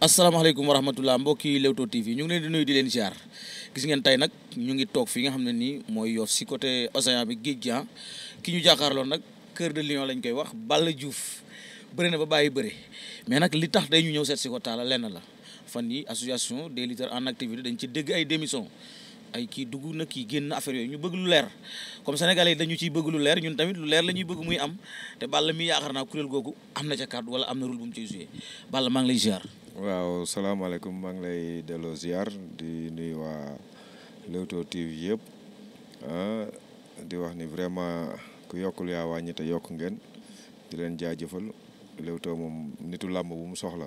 asalaamaaleykum wa rahmatullah mbokki Leewtoo TV ñu ngi leen di nuyu di leen ziar gis ngeen tey nag ñu ngi toog fii nga xam ne nii mooy Yoff si côté océan bi géej gi ah. ki ñu jàkkaarloon nag kër de lion lañ koy wax Balla Diouf bëri na ba bàyyi bëri mais nag li tax day ñu ñëw seet si ko taala lenn la fan yi association des lutteurs en activité dañ ci dégg ay démission ay kii dugg na kii génn affaire yooyu ñu bëgg lu leer comme sénégalais yi dañu ciy bëgg lu leer ñun tamit lu leer la ñuy bëgg muy am te Balla mi yaakaar naa kuréel googu am na ca kàddu wala am na rôle mu ciy joué maa ngi lay ziar waaw salaamaaleykum maa ngi lay delloo ziar di nuyu waa Leewtoo TV yëpp ah, di wax ni vraiment ku yokkul yaa waa te yokk ngeen di leen jaajëfal Leewtoo moom nitu làmb bu mu soxla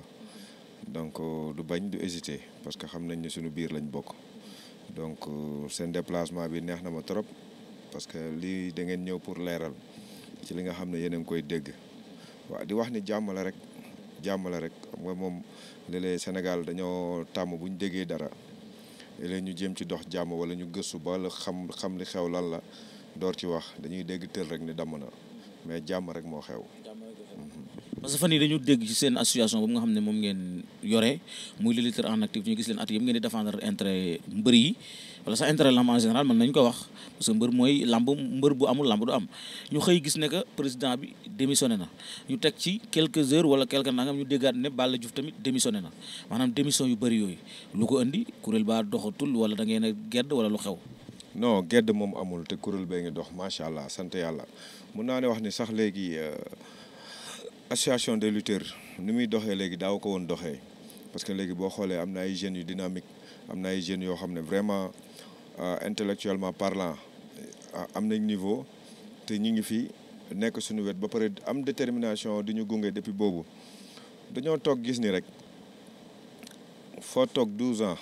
donc du bañ du hésiter parce que xam nañ ne suñu biir lañ bokk donc seen déplacement bi neex na ma trop parce que lii dangeen ñëw pour leeral ci li nga xam ne yéen a ngi koy dégg waaw di wax ni jàmm la rek. jàmm la rek xam moom léeg-léeg Sénégal dañoo tàmm bu déggee dara léeg ñu jéem ci dox jàmm wala ñu gëstu ba xam xam li xew lan la door ci wax dañuy dégg tël rek ni damm na mais jàmm rek moo xew. Mhm. parce que fan dañu dégg ci seen association boobu nga xam ne moom ngeen yore muy les lutteurs en activité ñu gis leen at yëpp ngeen di défendre intérêt mbër yi. wala sa intérêt lamb en général mën nañ ko wax parce mbër mooy lamb mbër bu amul lamb du am ñu xëy gis ne que président bi démissionné na ñu teg ci quelques heures wala quelque nangam ñu déggaat ne Balla Diouf tamit démissionné na maanaam démission yu bëri yooyu lu ko indi kuréel baa doxatul wala da ngeen a gedd wala lu xew non gedd moom amul te kuréel bee ngi dox macha allah sant yàlla mun naa ne wax ni sax léegi euh, association de lutteurs ni muy doxee léegi daaw ko woon doxee parce que léegi boo xoolee am na ay jeunes yu dynamique am na ay jeunes yoo xam ne vraiment euh, intellectuellement parlant euh, am nañ niveau te ñu ngi fi nekk suñu wet ba pare am détermination di ñu gunge depuis boobu dañoo toog gis ni rek foo toog 12 ans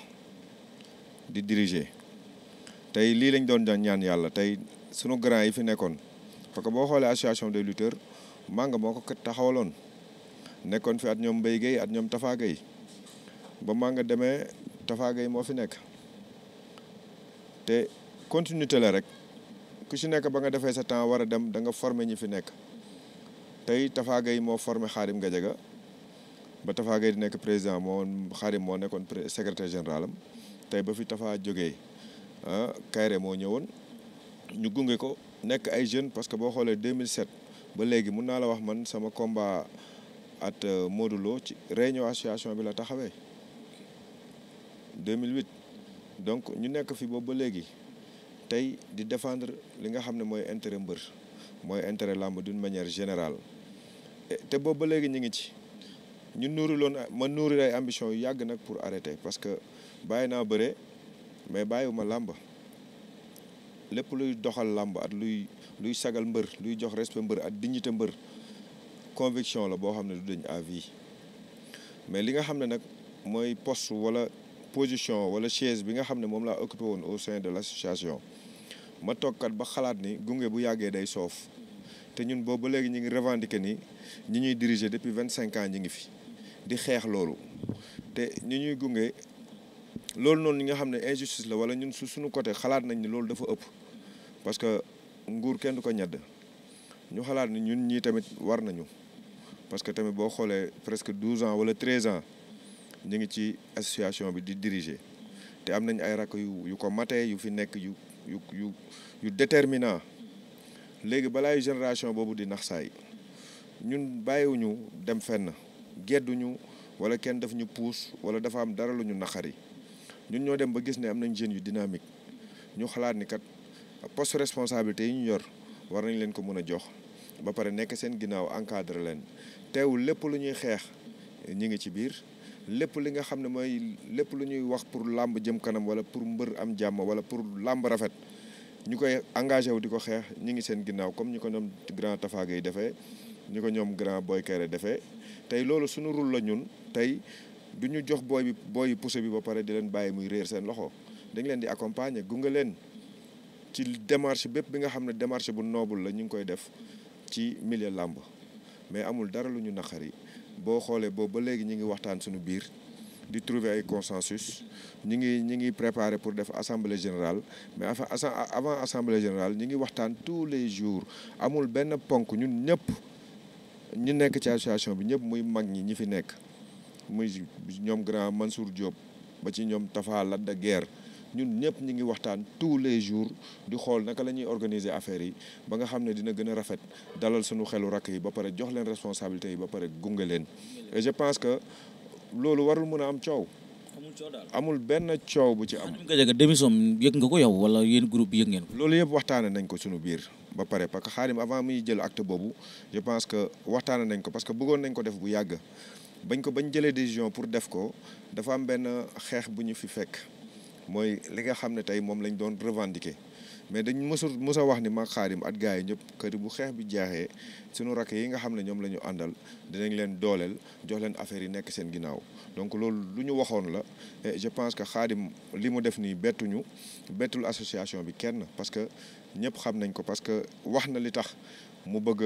di diriger tey lii lañ doon ñaan yàlla tey sunu grand yi fi nekkoon parce que boo xoolee association des lutteurs Manga moo ko taxawaloon nekkoon fi at ñoom Mbaye Guèye at ñoom Tafa Guèye ba Manga demee Tafa yi moo fi nekk te continuité la rek ku ci nekk ba nga defee sa temps war a dem da nga former ñi fi nekk tey Tafa yi moo formé Xaadim Gadiaga ba Tafa Gueye yi nekk président moo Xaadim moo nekkoon secrétaire général am tey ba fi Tafa jógee ah Kayre moo ñëwoon ñu gunge ko nekk ay jeunes parce que boo xoolee mille 2007 ba léegi mun naa la wax man sama combat at euh, Modou ci réunion association bi la taxawee. 2008 donc ñu nekk fi boobu ba léegi tey di defendre li nga xam ne mooy intérêt mbër mooy intérêt làmb d'une manière générale te boobu ba léegi ñu ngi ci ñu nuuru loon ma nuuri ay ambition yu yàgg nag pour arrêter parce que bàyyi naa bëre mais bàyyiwuma làmb lépp luy doxal làmb at luy luy sagal mbër luy jox respect mbër at dignité mbër conviction la boo xam ne du dañ à mais li nga xam ne nag mooy post wala position wala chaise bi nga xam ne moom laa occupé woon au sein de l' association ma toogkat ba xalaat ni gunge bu yàggee day soof te ñun boobu ba léegi ñu ngi revendiqué ni ñi ñuy diriger depuis vingt cinq ans ñi ngi fi di xeex loolu te ñu ñuy gunge loolu noonu ñi nga xam ne injustice la wala ñun su suñu côté xalaat nañ ni loolu dafa ëpp parce que nguur kenn ko ñedd ñu xalaat ni ñun ñii tamit war nañu parce que tamit boo xoolee presque douze ans wala treize ans ñu ngi ci association bi di diriger te am nañ ay rakk yu yu ko matee yu fi nekk yu yu yu yu déterminant léegi balaayu génération boobu di nax saay ñun bàyyiwuñu dem fenn gedduñu wala kenn daf ñu puus wala dafa am dara lu ñu naqari ñun ñoo dem ba gis ne am nañ jeunes yu dynamique ñu xalaat ni kat post responsabilité yi ñu yor war nañ leen ko mën a jox ba pare nekk seen ginnaaw encadre leen teewul lépp lu ñuy xeex ñu ngi ci biir lépp li nga xam ne mooy lépp lu ñuy wax pour làmb jëm kanam wala pour mbër am jàmm wala pour làmb rafet ñu koy engagé wu di ko xeex ñu ngi seen ginnaaw comme ñu ko ñoom grand tafaga yi defee ñu ko ñoom grand boy kayre defee tey loolu suñu rul la ñun tey du ñu jox booy bi booy poussé bi ba pare di leen bàyyi muy réer seen loxo dañ leen di accompagner gunge leen ci démarche bépp bi nga xam ne démarche bu noobul la ñu ngi koy def ci millier làmb mais amul dara lu ñu naqari boo xoolee boobu ba léegi ñu ngi waxtaan suñu biir di trouver ay consensus ñu ngi ñi ngi préparer pour def assemblée générale mais avant assemblée générale ñu ngi waxtaan tous les jours amul benn ponk ñun ñëpp ñu nekk ci association bi ñëpp muy mag ñi ñi fi nekk muy ñoom grand Mansour Diop ba ci ñoom Tafa Ladda Guerre ñun ñëpp ñu ngi waxtaan tous les jours di xool naka la ñuy organiser affaire yi ba nga xam ne dina gën a rafet dalal suñu xelu rakk yi ba pare jox leen responsabilité yi ba pare gunge leen et je pense que loolu warul mën a am coow. amul benn coow bu ci am. démission yëg nga ko yow wala yéen groupe yëg ngeen ko. loolu yëpp waxtaanee nañ ko suñu biir ba pare parce que xaarim avant muy jël acte boobu je pense que waxtaanee nañ ko parce que bëggoon nañ ko def bu yàgg bañ ko bañ jëlee décision pour def ko dafa am benn xeex bu ñu fi fekk. mooy li nga xam ne tey moom lañ doon revendiquer mais dañ mësu mës wax ni ma xaarim at gars yi ñëpp kër bu xeex bi jaaxee suñu rakk yi nga xam ne ñoom la ñu àndal dinañ leen dooleel jox leen affaire yi nekk seen ginnaaw donc loolu lu ñu waxoon la et je pense que xaadim li mu def nii bettuñu bettul association bi kenn parce que ñëpp xam nañ ko parce que wax na li tax mu bëgg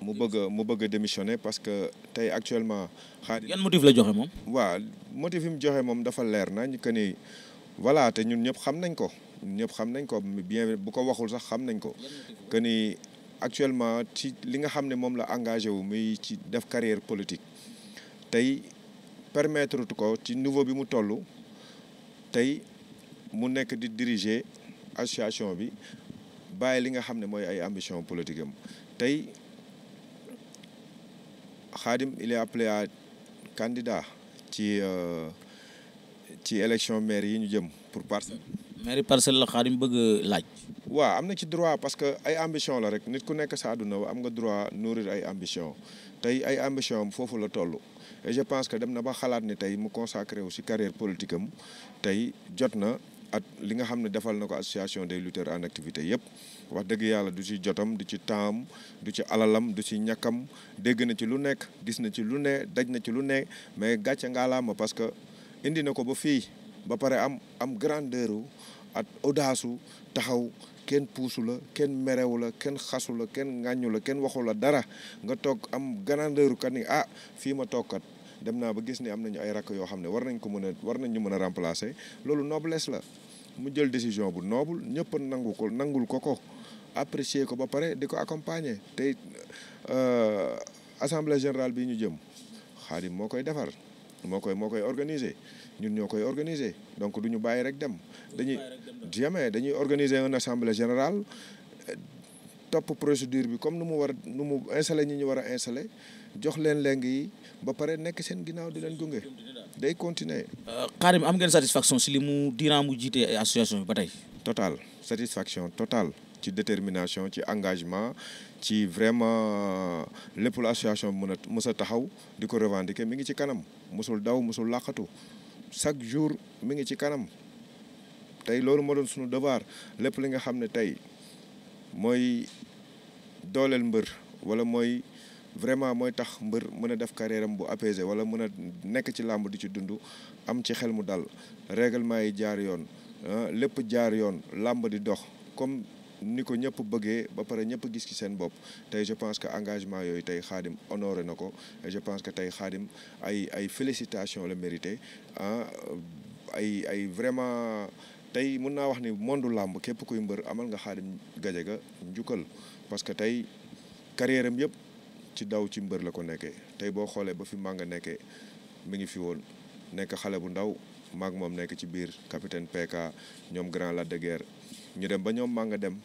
mu bëgg mu bëgg a démissionner parce que tey actuellement. Khadim yan motif la joxe moom. waa motif yi mu joxe moom dafa leer nañ que nii voilà te ñun ñëpp xam nañ ko ñëpp xam nañ ko bien bu ko waxul sax xam nañ ko que nii actuellement ci li nga xam ne moom la engagé wu muy ci def carrière politique tey permettre ko ci niveau bi mu tollu tey mu nekk di diriger association bi bàyyi li nga xam ne mooy ay ambition politique am tey. Khadim il est appelé à candidat ci euh, ci élection maire yi ñu jëm pour parcelle. maire parcelle la Khadim bëgg laaj. waaw am na ci droit parce que ay ambition la rek nit ku nekk sa adduna àdduna am nga droit nourrir ay ambition tey ay ambition foofu la toll. et je pense que dem na ba xalaat ni tey mu consacré wu si carrière politique am tey jot na. at li nga xam ne defal na ko association des lutteurs en activité yëpp wax dëgg yàlla du ci jotam du ci taam du ci alalam du ci ñàkkam dégg na ci lu nekk gis na ci lu ne daj na ci lu ne mais gàcce ma parce que indi na ko ba fii ba pare am am grandeur at audace taxaw kenn puusu la kenn merewu la kenn xasu la kenn ŋàññu la kenn waxu la dara nga toog am grandeur kat ni ah fii ma toog kat dem naa ba gis ne am nañu ay rakk yoo xam ne war nañ ko mën a war nañ mën a remplacer loolu noblesse la mu jël décision bu noble ñëpp nangu ko nangul ko ko apprécier ko ba pare di ko accompagner tey euh, assemblée générale bi ñu jëm Xaadim moo koy defar moo koy moo koy organiser ñun ñoo koy organiser donc du ñu bàyyi rek dem dañuy jamais dañuy organiser un assemblée générale topp procédure bi comme nu mu war nu mu installé ñi ñu war a jox leen leng yi ba pare nekk seen ginnaaw di leen gunge day continuer. Euh, Karim am ngeen satisfaction si li mu diiran mu jiite association ba tey. total satisfaction totale ci détermination ci engagement ci vraiment euh, lépp lu association bi mën a mës taxaw di ko revendiquer mi ngi ci kanam musul daw musul làqatu chaque jour mi ngi ci kanam tey loolu moo doon sunu devoir lépp li nga xam ne tey mooy dooleel mbër wala mooy vraiment mooy tax mbër mën a def carrière bu apaisé wala mën a nekk ci làmb di ci dund am ci xel mu dal règlement yi jaar yoon ah, lépp jaar yoon làmb di dox comme ni ko ñëpp bëggee ba pare ñëpp gis ci seen bopp te je pense que engagement yooyu tey xaadim honoré na ko je pense que tey xaadim ay ay félicitations la mérité ah ay ay vraiment tey mën naa wax ni mondu làmb képp kuy mbër amal nga xaadim gajaga njukkal parce que tey carrière am yëpp ci daw ci mbër la ko nekkee tey boo xoolee ba fi Manga nekkee mu ngi fi woon nekk xale bu ndaw maag moom nekk ci biir capitaine PK ñoom grand Lac de Guiers ñu dem ba ñoom Manga dem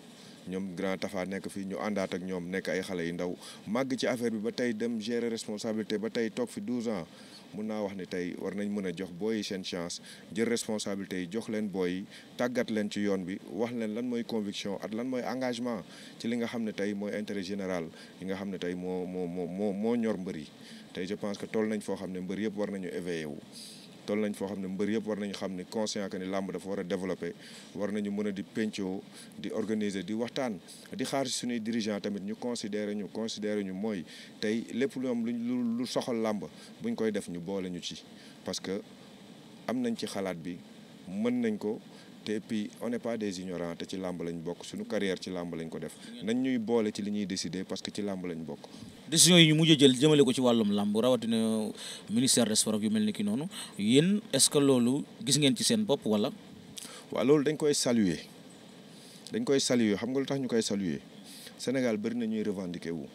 ñoom grand Tafa nekk fii ñu àndaat ak ñoom nekk ay xale yu ndaw màgg ci affaire bi ba tey dem gérer responsabilité ba tey toog fi 12 ans mun naa wax ni tey war nañ mën a jox booy yi seen chance jël responsabilité yi jox leen booy yi leen ci yoon bi wax leen lan mooy conviction ak lan mooy engagement ci li nga xam ne tey mooy intérêt général yi nga xam ne tey moo moo moo moo moo ñor mbër yi tey je pense que toll nañ foo xam ne mbër yëpp war nañu éveillé wu. lool nañ foo xam ne mbër yëpp war nañu xam ne conscient que ni làmb dafa war a développer war nañu mën a di pencoo di organiser di waxtaan di xaar si suñuy dirigeant tamit ñu considérer ñu considérer ñu mooy tey lépp lu am lu lu soxal làmb buñ koy def ñu boole ñu ci parce que am nañ ci xalaat bi mën nañ ko te et puis on n'est pas des ignorants te ci làmb lañ bokk suñu carrière ci làmb lañ ko def nañ ñuy boole ci li ñuy décider parce que ci làmb lañ bokk. décision yi ñu mujj jël jëmale ko ci wàllum làmb rawatina ministère des sports yu mel ni ki noonu yéen est-ce que loolu gis ngeen ci seen bopp wala. waaw loolu dañ koy saluer dañ koy saluer xam nga lu tax ñu koy saluer Sénégal bëri na ñuy revendiquer wu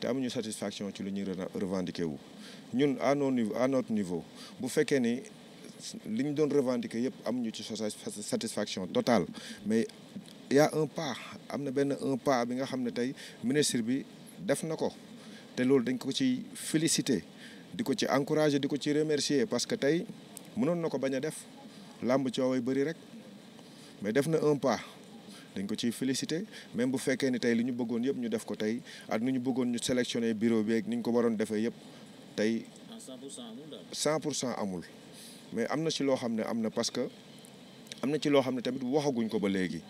te amuñu satisfaction ci lu ñuy revendiquer wu ñun à nos niveau à li ñu doon revendiquer yëpp amuñu ci satisfaction totale mais il y a un pas am na benn un pas bi nga xam ne tey ministre bi def na ko te loolu dañ ko ci féliciter di ko ci encourager di ko ci remercier parce que tey mënoon na ko bañ a def làmb cooway bëri rek mais def na un pas dañ ko ciy félicité même bu fekkee ni tey li ñu bëggoon yëpp ñu def ko tey ak ni ñu bëggoon ñu sélectionné bureau bi ak ni ñu ko waroon defee yëpp tey. 100 pour cent amul. pour cent amul. mais am na ci loo xam ne am na parce que am na ci loo xam ne tamit waxaguñ ko ba léegi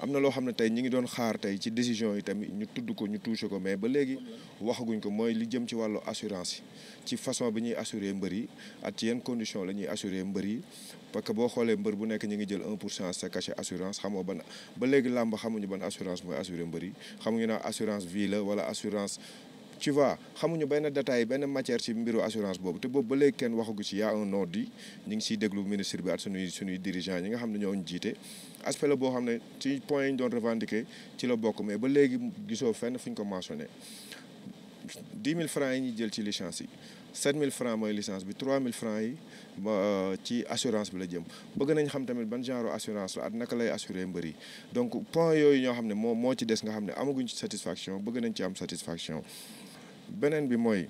am na loo xam ne tey ñi ngi doon xaar tey ci décision yi tamit ñu tudd ko ñu touché ko mais ba léegi waxaguñ ko mooy li jëm ci wàllu assurance yi ci façon bi ñuy assurer mbër yi ak ci yenn condition la ñuy assurer mbër yi parce que boo xoolee mbër bu nekk ñu ngi jël 1 pour cent sa assurance xamoo ban ba léegi làmb xamuñu ban assurance mooy assurer mbër yi xamuñu naa assurance vie la wala assurance ci vois xamuñu benn détail benn matière ci mbiru assurance boobu te boobu ba léegi kenn waxagu ci yaa un ordre ñu ngi siy déglu ministre bi ak suñuy suñuy ñi nga xam ne ñoo ñu jiite aspect boo xam ne ci point yi ñu ci la bokk mais ba léegi gisoo fenn fu ñu ko mentionné dix mille francs yi ñuy jël ci licence yi sept mille francs mooy licence bi trois mille francs euh, bi la jëm bëgg nañ xam tamit ban genre assurance la naka lay assurer mbër yi donc point yooyu ñoo xam ne moo moo ci des nga xam ne amaguñ ci satisfaction bëgg nañ ci am satisfaction beneen bi mooy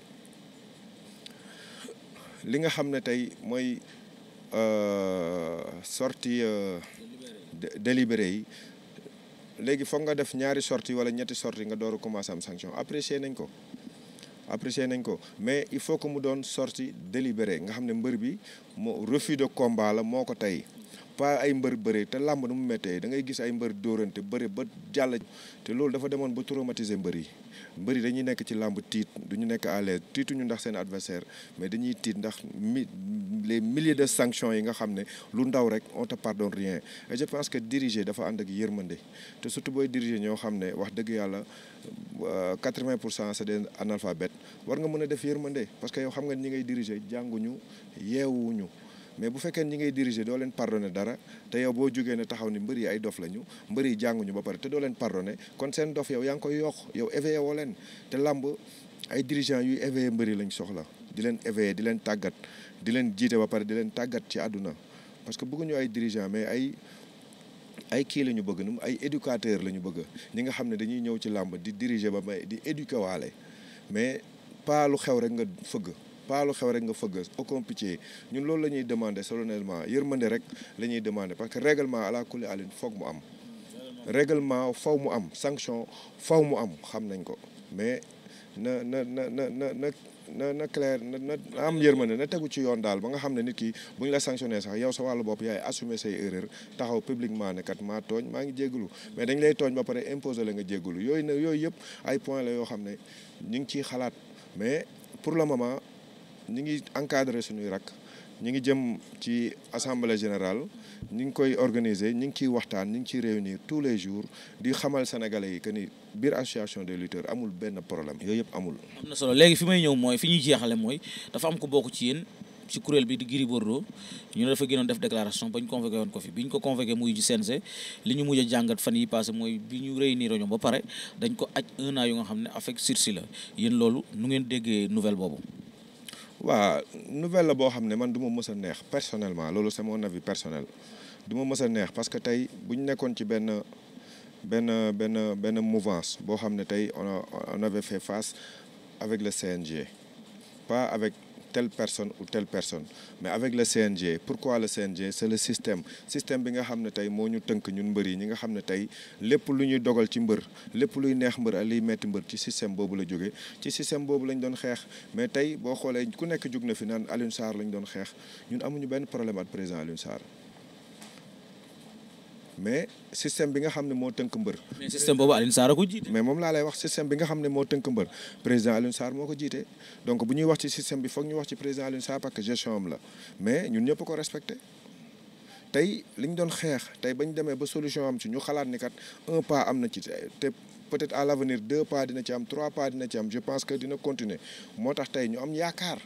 li nga xam ne tey mooy euh, sortie euh, délibéré yi léegi foog nga def ñaari sortie wala ñetti sortie nga door a commencé am sanction apprécier nañ ko apprécier nañ ko mais il faut que mu doon sorti délibéré nga xam ne mbër bi moo refus de combat la moo ko tey pas ay mbër bëre te làmb nu mu méttee da gis ay mbër dóorante bëre ba jàll te loolu dafa demoon ba traumatiser mbëri yi mbër dañuy nekk ci làmb tiit du ñu nekk à l'aise tiituñu ndax seen adversaire mais dañuy tiit ndax les milliers de sanctions yi nga xam ne lu ndaw rek on te pardonne je pense que diriger dafa ànd ak yërmande te surtout booy diriger ñoo xam ne wax dëgg yàlla 80 euh, pour cent c'est des analphabètes war nga mën a def yërmande parce que yow xam nga ñi ngay diriger jànguñu yeewuñu mais bu fekkee ñi ngay diriger doo leen pardonné dara te yow boo jógee ne taxaw ni mbër yi ay dof lañu mbër yi jànguñu ba pare te doo leen pardonné kon seen dof yow yaa ngi koy yokk yow éveillé leen te làmb ay dirigeants yuy éveillé mbër yi lañ soxla di leen éveillé di leen tàggat di leen jiite ba pare di leen tàggat ci àdduna parce que ñëw ay dirigeants mais ay. ay kii la ñu bëgg num ay éducateur la ñu bëgg ñi nga xam ne dañuy ñëw ci làmb di diriger ba may di éduquer waale mais pas xew rek nga fëgg pas lu xew rek nga fëgg aucun pitié ñun loolu la ñuy demander solennellement yërmande rek la ñuy demander parce que règlement ala kulli alin foog mu am règlement faw mu am sanction faw mu am xam nañ ko mais na na na na na na na clair na na am yërmande na tegu ci yoon daal ba nga xam ne nit ki buñ la sanctionné sax yow sa wàllu bopp yaay assumé say erreur taxaw publiquement ne kat maa tooñ maa ngi jéggalu mais dañ lay tooñ ba pare imposer la nga jéggalu yooyu na yooyu yëpp ay point la yoo xam ne ñu ngi ciy xalaat ñu ngi encadré suñuy rak ñu ngi jëm ci assemblée générale ñu ngi koy organiser ñu ngi ciy waxtaan ñu ngi ciy réunir tous les jours di xamal sénégalais yi que ni biir association de lutteurs amul benn problème yooyu yëpp amul. am na solo léegi fi may ñëw mooy fi ñuy jeexale mooy dafa am ko bokk ci yéen ci kuréel bi di Gris ñu ne dafa gënoon def déclaration ba ñu convoqué woon ko fi bi ñu ko convoqué muy ji CNG li ñu mujj a jàngat fan yi passé mooy bi ñu réunir ñoom ba pare dañ ko aj un an nga xam ne avec sursis la yéen loolu nu ngeen déggee nouvelle boobu. waa nouvelle la boo xam ne man du ma mës a neex personnellement loolu c'est mon avis personnel du ma mës a neex parce que tey bu nekkoon ci benn benn benn benn mouvance boo xam ne tey on on avait fait face avec le CNG pas avec. telle personne ou telle personne mais avec le CNG pourquoi le CNG c'est le système système bi nga xam ne tey moo ñu tënk ñun mbër yi ñi nga xam ne tey lépp lu ñuy dogal ci mbër lépp luy neex mbër ak liy metti mbër ci système boobu la jóge ci système boobu lañu doon xeex mais tey boo xoolee ku nekk jug na fi nan Alioune Sarr lañ doon xeex ñun amuñu benn problème ak présent Alioune Sarr mais système bi nga xam ne moo tënk mbër. mais système boobu Alioune Sarr a ko jiite. mais moom laa lay wax système bi nga xam ne moo tënk mbër président Alioune Sarr moo ko jiite donc bu ñuy wax ci système bi foog ñu wax ci président Alioune Sarr parce que gestion am la mais ñun ñëpp ko respecté tey li ñu doon xeex tey ba ñu demee ba solution am ci ñu xalaat ni kat un pas am na ci te peut-être à l'avenir deux pas dina ci am trois pas dina ci am je pense que dina continuer moo tax tey ñu am yaakaar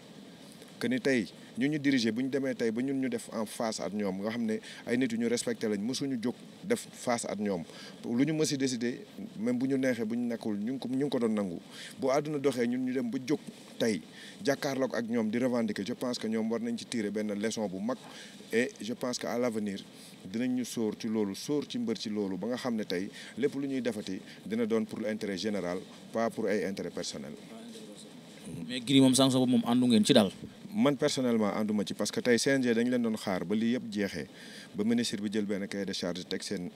que ni tey. ñu ñu diriger bu ñu demee tey ba ñun ñu def en face ak ñoom nga xam ne ay nit ñu respecté lañ mosuñu jóg def face ak ñoom lu ñu mësi décidé même bu ñu neexee bu ñu nekkul ñu ngi ko ñu ngi ko doon nangu bu àdduna doxee ñun ñu dem ba jóg tey jàkkaarloog ak ñoom di revendiquer je pense que ñoom war nañ ci tirer benn leçon bu mag et je pense que à l'avenir dinañ ñu sóor ci loolu sóor ci mbër ci loolu ba nga xam ne tey lépp lu ñuy defati dina doon pour l'intérêt général pas pour ay intérêt personnel mais Gris moom sanction boobu moom àndu ngeen ci daal man personnellement ànduma ci parce que tey CNG dañ leen doon xaar ba lii yëpp jeexee ba ministre bi jël benn cahier de charge teg seen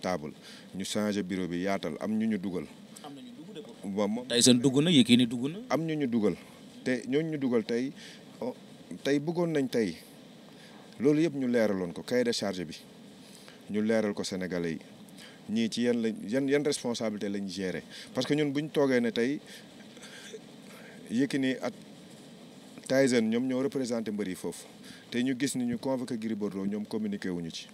taable ñu changé bureau bi yaatal am ñu ñu dugal. am na ñu dugg de ba moom tey seen dugg na Yékini dugg na. am ñu ñu dugal te ñooñu ñu dugal tey tey bëggoon nañ tey loolu yëpp ñu leeraloon ko cahier de charge bi ñu leeral ko Sénégalais yi. ñii ci yan lañ yan yan responsabilité lañ géré parce que ñun bu ñu toogee ne tey Yékini at Tyson ñoom ñoo représenté mbër yi foofu te ñu gis ni ñu convoqué Gris Bordeaux ñoom wu ñu ci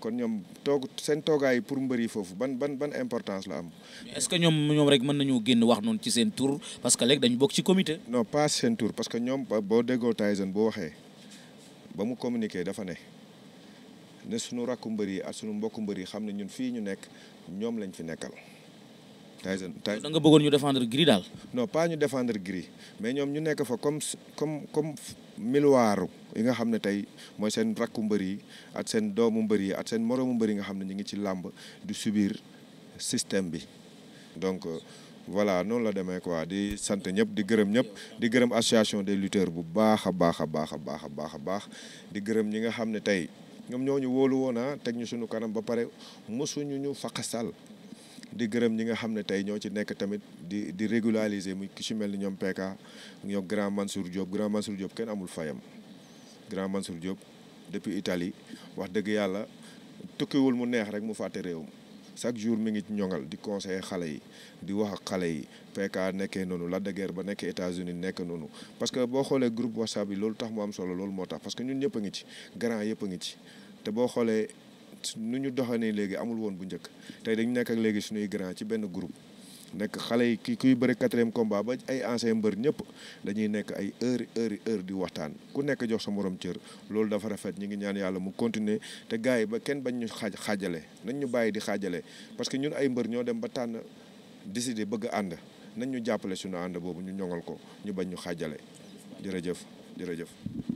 kon ñoom toog seen toogaay pour mbër yi foofu ban ban ban importance la am. est-ce ñoom ñoom rek mën nañu génn wax noonu ci seen tour parce que léegi dañu bokk ci comité. non pas seen tour parce que ñoom boo déggoo Tyson boo waxee ba mu communiquer dafa ne ne sunu rakku mbër yi ak sunu mbokku mbëri yi xam ne ñun fii ñu nekk ñoom lañ fi nekkal. Tyson Tyson da nga bëggoon ñu défendre Gris daal. no pas ñu defendre gri mais ñoom ñu nekk fa comme comme comme miluwaaru yi nga xam ne tey mooy seen rakku mbër yi ak seen doomu mbër yi ak seen moroomu mbër yi nga xam ne ñu ngi ci làmb di subir système bi donc euh, voilà noonu la demee quoi di sant ñëpp di gërëm ñëpp di gërëm association des lutteurs bu baax a baax a baax a baax a baax a baax di gërëm ñi nga xam ne tey ñoom ñoo ñu wóolu woon ah teg ñu suñu kanam ba pare mosuñu ñu faqasal di gërëm ñi nga xam ne tey ñoo ci nekk tamit di di régulariser mu ki ci mel ni ñoom PK ñoom grand Mansour Diop grand Mansour Diop kenn amul fayam grand Mansour Diop depuis itali wax dëgg yàlla tukkiwul mu neex rek mu fàtte réewam chaque jour mi ngi ñoŋal di conseiller xale yi di wax ak xale yi PK nekkee noonu la de guerre ba nekk États-Unis nekk noonu parce que boo xoolee groupe WhatsApp yi loolu tax mu am solo loolu moo tax parce que ñun ñëpp ngi ci grand yëpp ngi ci tamit nu ñu doxanee léegi amul woon bu njëkk tey dañu nekk ak léegi suñuy grand ci benn group nekk xale yi ki kuy bëri quatrième combat ba ay ancien mbër ñëpp dañuy nekk ay heure heure di waxtaan ku nekk jox sa moroom cër loolu dafa rafet ñu ngi ñaan yàlla mu continuer te gars yi ba kenn bañ ñu xaaj xaajale nañ ñu bàyyi di xaajale parce que ñun ay mbër ñoo dem ba tànn décider bëgg ànd nañ ñu jàppale suñu ànd boobu ñu ñoŋal ko ñu bañ ñu xaajale jërëjëf jërëjëf